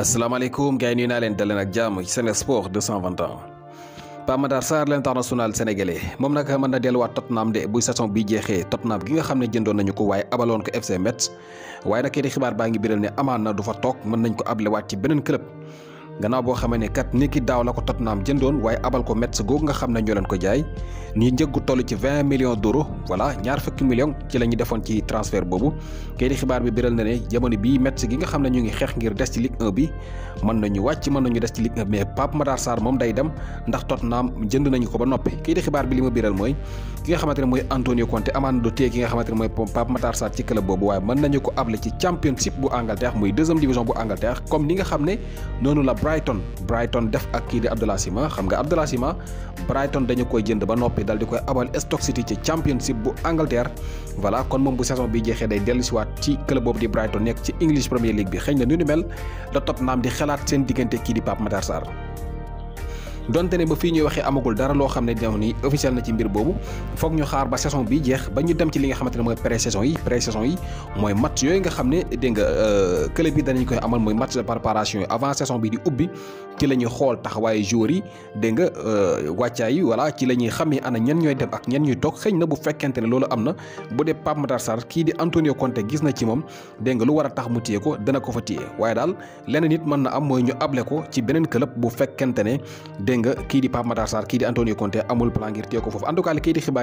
asalaamaaleykum gars yi nuyu naa leen daleen ak jàmm ci Sen Sport 221 Pape Matar Sarr l'international sénégalais moom nag mën na delluwaat Tottenham de buy saison bi jeexee Tottenham gi nga xam ne jëndoon nañu ko waaye abaloon ko FC Metz waaye nag kii xibaar baa ngi biral ne amaan na du fa toog mën nañ ko ablewaat ci beneen club gannaaw boo xamee ne kat ni ki daaw la ko Tottenham jëndoon waaye abal ko Metz googu nga xam ne ñoo leen ko jaay ni njëggu toll ci 20 millions d'euros ñaar fukki millions ci la defoon ci transfert boobu kay di xibaar bi biral na ne jamono bii Metz gi nga xam ne ñu ngi xeex ngir des ci Ligue 1 bi mën nañu wàcc mën nañu des ci Ligue 1 mais Pape Matar Sarr moom day dem ndax Tottenham jënd nañu ko ba noppi kay di xibaar bi li ma biral mooy ki nga xamante ne mooy Antonio Conte amaan du tee ki nga xamante Brighton Brighton def ak kii di Abdallah Sima xam nga Abdallah Sima Brighton dañu koy jënd ba noppi dal di koy abal Stoke City ci championship bu Angleterre voilà kon moom bu saison bi jeexee day dellusiwaat ci club boobu di Brighton nekk ci English Premier League bi xëy na nu ni mel la naam di xalaat seen diggante kii di Pape Matar Sarr donte ne ba fii ñuy waxee amagul dara loo xam ne dinaw ni na ci mbir boobu foog ñu xaar ba saison bi jeex ba ñu dem ci li nga xamante ne mooy pré saison yi pré mooy match yooyu nga xam ne dégg nga euh, club yi danañ koy amal mooy match de préparation yi avant saison bi di ubbi ci la ñuy xool taxawaayu joueurs yi dégg nga euh, wàccaay yi voilà ci la ñuy xam ne ana ñen ñooy dem ak ñen ñuy toog xëñ na bu fekkente ne loolu am na bu dee Pape Matar kii di Antonio Conte gis na ci moom dégg nga lu war a tax mu téye ko dana ko fa téye waaye daal leneen nit mën na am mooy ñu able ko ci beneen club bu fekkente ne dégg nga kii di Pape Matar Sarr kii di Antonio Conte amul plan ngir téye ko foofu en tout cas li kii di ko foofu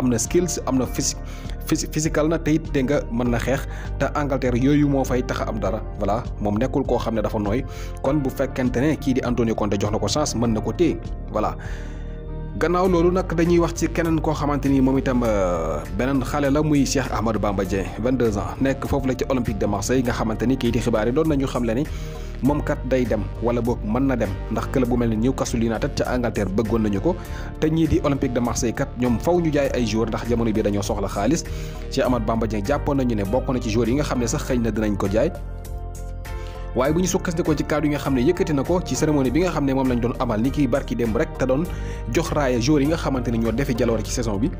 am na skills am na physique na te it nga na xeex te Angleterre yooyu moo fay tax a am dara voilà moom nekkul koo xam ne dafa nooy kon bu fekkente ne kii di Antonio da jox na ko chance mën na ko téye voilà. gannaaw loolu nag dañuy wax ci keneen koo xamante ni moom itam euh, beneen xale la muy Cheikh Ahmadou Bamba Dieng 22 ans nekk foofu la ci Olympique de Marseille nga xamante ni kii di xibaar yi doon nañu xam le ni. moom kat day dem wala boog mën na dem ndax club bu mel ni Newcastle United ca Angleterre bëggoon nañu ko te ñii di Olympique de Marseille kat ñoom faw ñu jaay ay joueurs ndax jamono bi dañoo soxla xaalis ci Amath Bamba Dieng jàppoon nañu ne bokk na ci joueurs yi nga xam ne sax xëy na dinañ ko jaay waaye bu ñu ko ci kàddu yi nga xam ne yëkkati na ko ci cérémonie bi nga xam ne moom lañ doon amal ni kiy barki dem rek te doon jox raaya joueurs yi nga xamante ne ñoo defi jaloore ci saison bi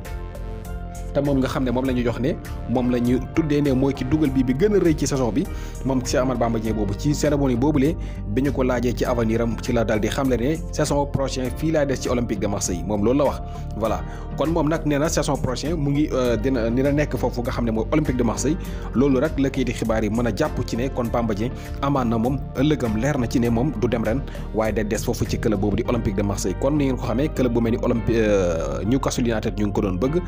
te moom nga xam ne moom la ñu jox ne moom la ñu tuddee ne mooy ci dugal bi bi gën a rëy ci saison bi moom Cheikh Ahmadou Bamba Dieng boobu ci cérémonie boobulee bi ñu ko laajee ci avenir am ci la dal di xam ne ne saison prochain fii laa des ci olympique de Marseille moom loolu la wax voilà kon moom nag ne na saison prochain mu ngi euh, dina dina nekk foofu nga xam ne mooy olympique de Marseille loolu rek la kayiti xibaar yi mën a jàpp ci ne kon Bamba Dieng amaan na moom ëllëgam leer na ci ne moom du dem ren waaye day des foofu ci club boobu di olympique de kon ni ngeen ko xamee club bu mel ni Olympique euh, Newcastle ko doon bëgg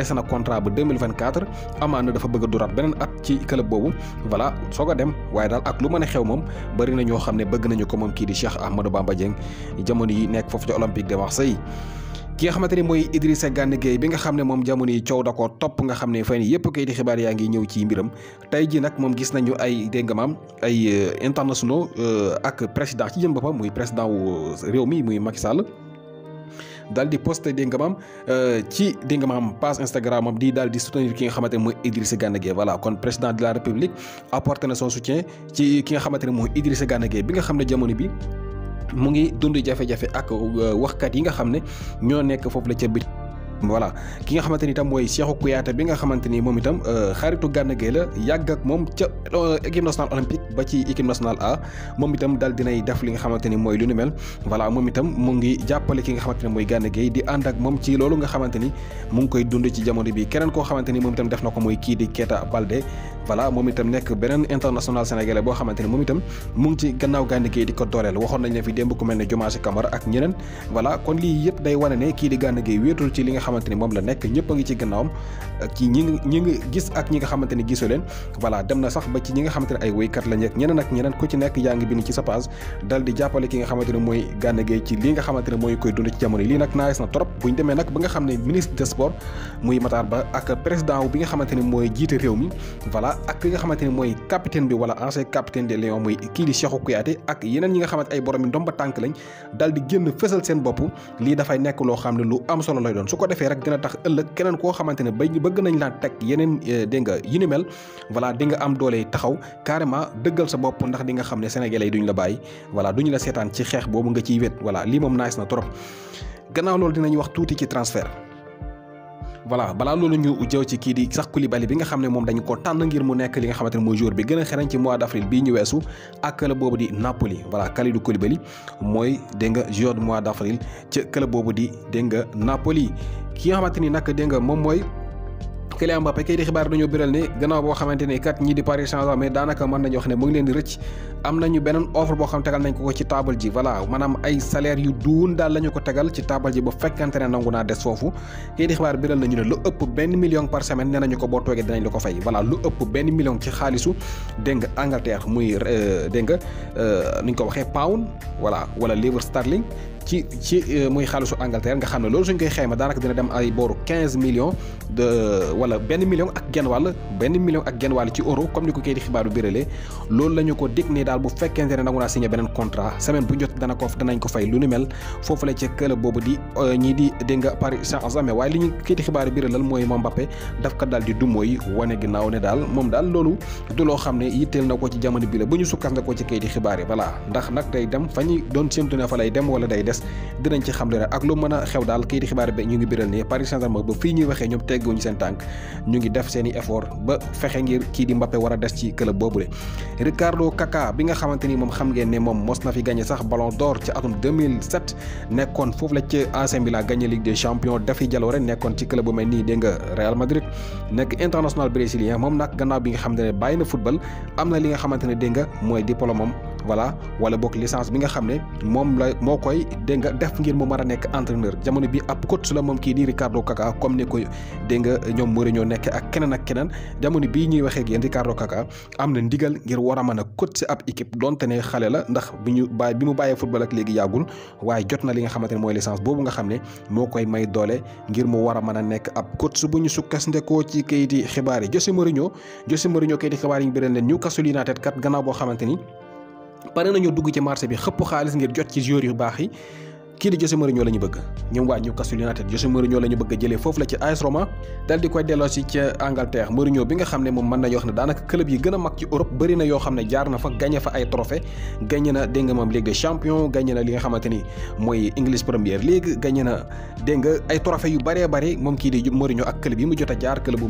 dese na contrat ba 2024 amaana dafa bëgg a duraat beneen at ci club boobu voilà soog dem waaye daal ak lu mën a xew moom bëri na ñoo xam ne bëgg nañu ko moom kii di Cheikh Ahmadou Bamba Dieng jamono yi nekk foofu ca Olympique de Marseille ki nga xamante ni mooy Idrissa Gana Gueye bi nga xam ne jamono yi coow da koo nga xam ne fan yëpp kayiti xibaar yaa ngi ci mbiram tey ji nag moom gis nañu ay dégg ay euh, internationaux euh, ak président ci jëm boppam muy président wu euh, réew mi muy Macky Sall daal di posté dégg nga maam euh, ci dégg nga Instagram am di daal di soutenir ki nga xamante ne mooy Idrissa Gana Gueye voilà kon président de la République xamante ne mooy Idrissa Gana Gueye bi nga xam ne jamono bi mu ngi dund jafe-jafe ak euh, kat yi nga xam ne ñoo nekk foofu la ca bi voilà ki nga xamante ni itam mooy Cheikhou Kouyaté bi nga xamante ni moom itam euh, xaritu Gana Gueye la yàgg ak moom ca équipe nationale olympique ba ci équipe nationale A moom itam daal dinay def li nga xamante ni mooy moom itam ngi jàppale ki nga xamante ni mooy Gana Gueye di ànd ak moom ci loolu nga xamante ni mu ngi koy dund ci jamono bi keneen koo xamante ni moom itam def na ko mooy kii di Keita Baldé voilà moom itam nekk beneen moom itam mu ngi ci gannaaw Gana Gueye di ko li nga xamante ni moom la nekk ñëpp a ngi gis ak ñi nga xamante ni gisu leen voilà dem na sax ba ci ñi nga xamante ay woykat lañ Diagne ak ñeneen ak ñeneen ku ci nekk yaa ngi bind ci sa page dal jàppale ki nga xamante ne mooy Gana Gueye ci li nga xamante ne mooy koy dund ci jamono yi lii nag naagis na trop buñ demee nag ba nga xam ne ministre des sports muy Matar Ba ak président bi nga xamante ne mooy jiite réew mi voilà ak ki nga xamante ne mooy capitaine bi wala ancien capitaine des Lions muy kii di Cheikhou Kouyaté ak yeneen ñi nga xamante ay borom yi ndomba tànk lañ dal di génn fësal seen bopp lii dafay nekk loo xam ne lu am solo lay doon su ko defee rek dina tax ëllëg keneen koo xamante ne bay bëgg nañ laa teg yeneen eh, dégg nga yu ni mel voilà di nga am doole taxaw carrément dëggal sa bopp ndax di nga xam ne sénégalais yi duñ la bàyyi voilà duñu la seetaan ci xeex boobu nga ci wét voilà lii moom nice na trop gannaaw loolu dinañ wax tuuti ci transfert voilà balaa loolu ñu jëw ci kii di sax Koulibaly bi nga xam ne moom dañu ko tànn ngir mu nekk li nga xamante ne mooy joueur bi gën a xereñ ci mois d' avril bii ñu weesu ak club boobu di Napoli voilà Kalidou Koulibaly mooy dégg nga joueur mois d' avril ca club boobu di dégg nga Napoli ki nga xamante ni nag dégg nga moom mooy Kylian Mbappé kay di xibaar dañoo biral ni gannaaw boo xamante ni kat ñii di Paris Saint-Germain daanaka mën nañu wax ne mu ngi leen di rëcc am nañu beneen offre boo xam tegal nañ ko ko ci table ji voilà maanaam ay salaire yu duun daal la ñu ko tegal ci table ji ba fekkante ne nangu naa des foofu kay di xibaar biral nañu lu ëpp benn million par semaine nee ko boo toogee dinañ la ko fay voilà lu ëpp benn million ci xaalisu dégg nga muy euh, dégg nga euh, ko waxee pound wala ci ci euh, muy xaalisu Angleterre nga xam ne loolu suñ koy xayma daanaka dina dem ay booru quinze millions de wala benn million ak genn wàll benn million ak genn wàll ci euro comme ni ko kay di xibaaru biralee loolu la ko dégg ne daal bu fekkente ne nangu naa signé beneen contrat semaine bu jot dana ko danañ ko fay lu ni mel foofu la ca club boobu di euh, ñii di dégg Paris Saint-Germain waaye ñu kay na ko ci jamono xibaar yi voilà ndax nag day dem fa ñuy doon séntu ne fa lay dem wala day des dinañ ci xam le ak lu mën a xew daal kay xibaar bi ñu ngi biral ne Paris Saint-Germain ba fii ñuy waxee ñoom tegguñu seen tànk seen i effort ba fexe ngir kii di Mbappé war des ci club boobule. Ricardo Kaka bi nga xamante ni moom xam ngeen ne moom mos na fi gagné sax Ballon d'Or ci atum 2007 nekkoon foofu la ci AC Milan gagné Ligue des Champions dafi jaloore nekkoon ci club bu mel nii dégg Real Madrid nekk international brésilien moom nag gannaaw bi nga xamante ne bàyyi na football am na li nga xamante ne dégg nga mooy diplôme am voilà wala boog lissance bi nga xam ne moom la moo koy dégg nga def ngir mu mën a nekk entraîneur jamono bi ab coach la moom kii di Ricardo Kaka comme ni ko dégg nga ñoom Mourinho nekk ak keneen ak keneen jamono bii ñuy waxee ak yéen Ricardo Kaka am na ndigal ngir war a mën a coach ab équipe donte ne xale la ndax bi ñu bàyyi bi mu bàyyee football ak léegi yàggul waaye jot na li nga xamante ne mooy licence boobu nga xam ne moo koy may doole ngir mu war a mën a nekk ab coach bu ñu sukkandekoo ci kayiti yi José Mourinho José Mourinho kayiti xibaar yi ñu biral leen Newcastle United kat boo xamante ni pare nañu dugg ci marché bi xëpp xaalis ngir jot ci joueurs yu baax yi kii di José Mourinho la ñu bëgg ñoom waa Newcastle United José Mourinho la ñu bëgg jëlee foofu la ci AS Roma dal di koy delloo si ca Angleterre Mourinho bi nga xam ne moom mën nañu wax ne daanaka club yi gën a mag ci Europe bëri na yoo xam ne jaar na fa gagné fa ay trophée gagné na dégg nga moom Ligue des Champions na li nga xamante mooy English Premier League gagné na dégg ay trophée yu bëree bëri moom kii di Mourinho ak club yi mu jot a jaar club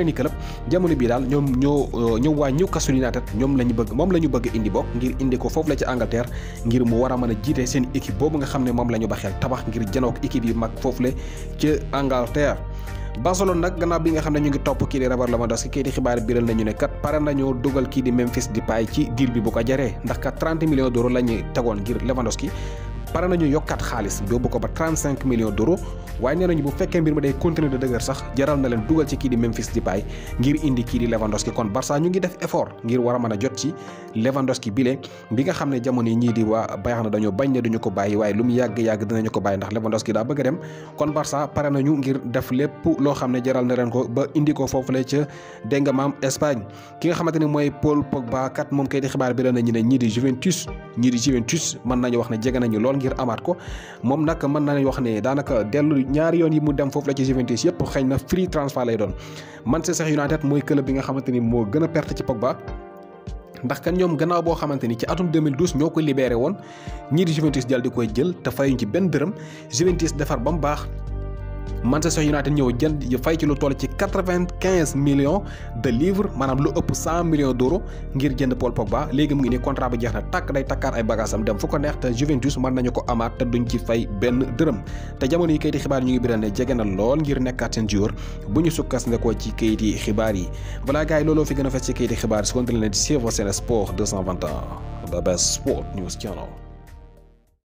i club jamono bi daal ñoom ñoo ñoom ñoom la ñu bëgg moom la ñu bëgg indi bokk ngir indi ko foofu la ci Angleterre ngir mu war a mën a jiite seen équipe boobu nga xam ne moom la ñu baxeel tabax ngir janook équipe yi mag foofu la ca Angleterre. Barcelone nag gannaaw bi nga xam ne ñu ngi topp kii di Robert Lewandowski kii di xibaar biral nañu ne kat pare nañoo dugal kii di Memphis Depay ci deal bi bu ko jaree ndax kat 30 millions d'euros la ñu tegoon ngir Lewandowski pare nañu yokkaat xaalis yóbbu ko ba 35 millions d'euros waaye nee nañu bu fekkee mbir mi day continuer de dëgër sax jaral na leen dugal ci kii di Memphis Depay ngir indi kii di Lewandowski kon Barça ñu ngi def effort ngir war a mën a jot ci Lewandowski bile bi nga xam ne jamono yi ñii di waa Bayern na dañoo bañ ne duñu ko bàyyi waaye lu yàgg-yàgg dinañu ko bàyyi ndax Lewandowski daa bëgg a dem kon Barça pare nañu ngir def lépp loo xam ne jaral na leen ko ba indi ko foofule ca nga maam Espagne ki xamante ne mooy Paul Pogba kat moom ne ñii di Juventus ñii mën nañu wax ne jege nañu lool ngir amaat ko moom nag mën na wax ne daanaka dellu ñaari yoon yi mu dem foofu la ci Juventus yëpp xëy na free transfer lay doon Manchester United mooy club bi nga xamante ni moo gën a perte ci Pogba. ndax kan ñoom gannaaw boo xamante ni ci atum 2012 ñoo ko libéré woon ñii di Juventus dal di koy jël te fayuñ ci benn dërëm Juventus defar ba mu baax. Manchester United ñëw jënd fay ci lu toll ci quatre-vingt-quinze millions de livres maanaam lu ëpp cent millions d'euros ngir jënd Paul Pogba léegi mu ngi nii contrat bi jeex na tàkk day takkaar ay bagaasam dem fu ko neex te Juventus mën nañu ko amaat te duñ ci fay benn dërëm te jamono yi kayiti xibaar yi ñu ngi biral ne jege na lool ngir nekkaat seen joueur bu ñu sukkas nga ko ci kayiti xibaar yi voilà yi looloo fi gën a fes ci kayiti xibaar si konte leen di suivre seen sport 221 the best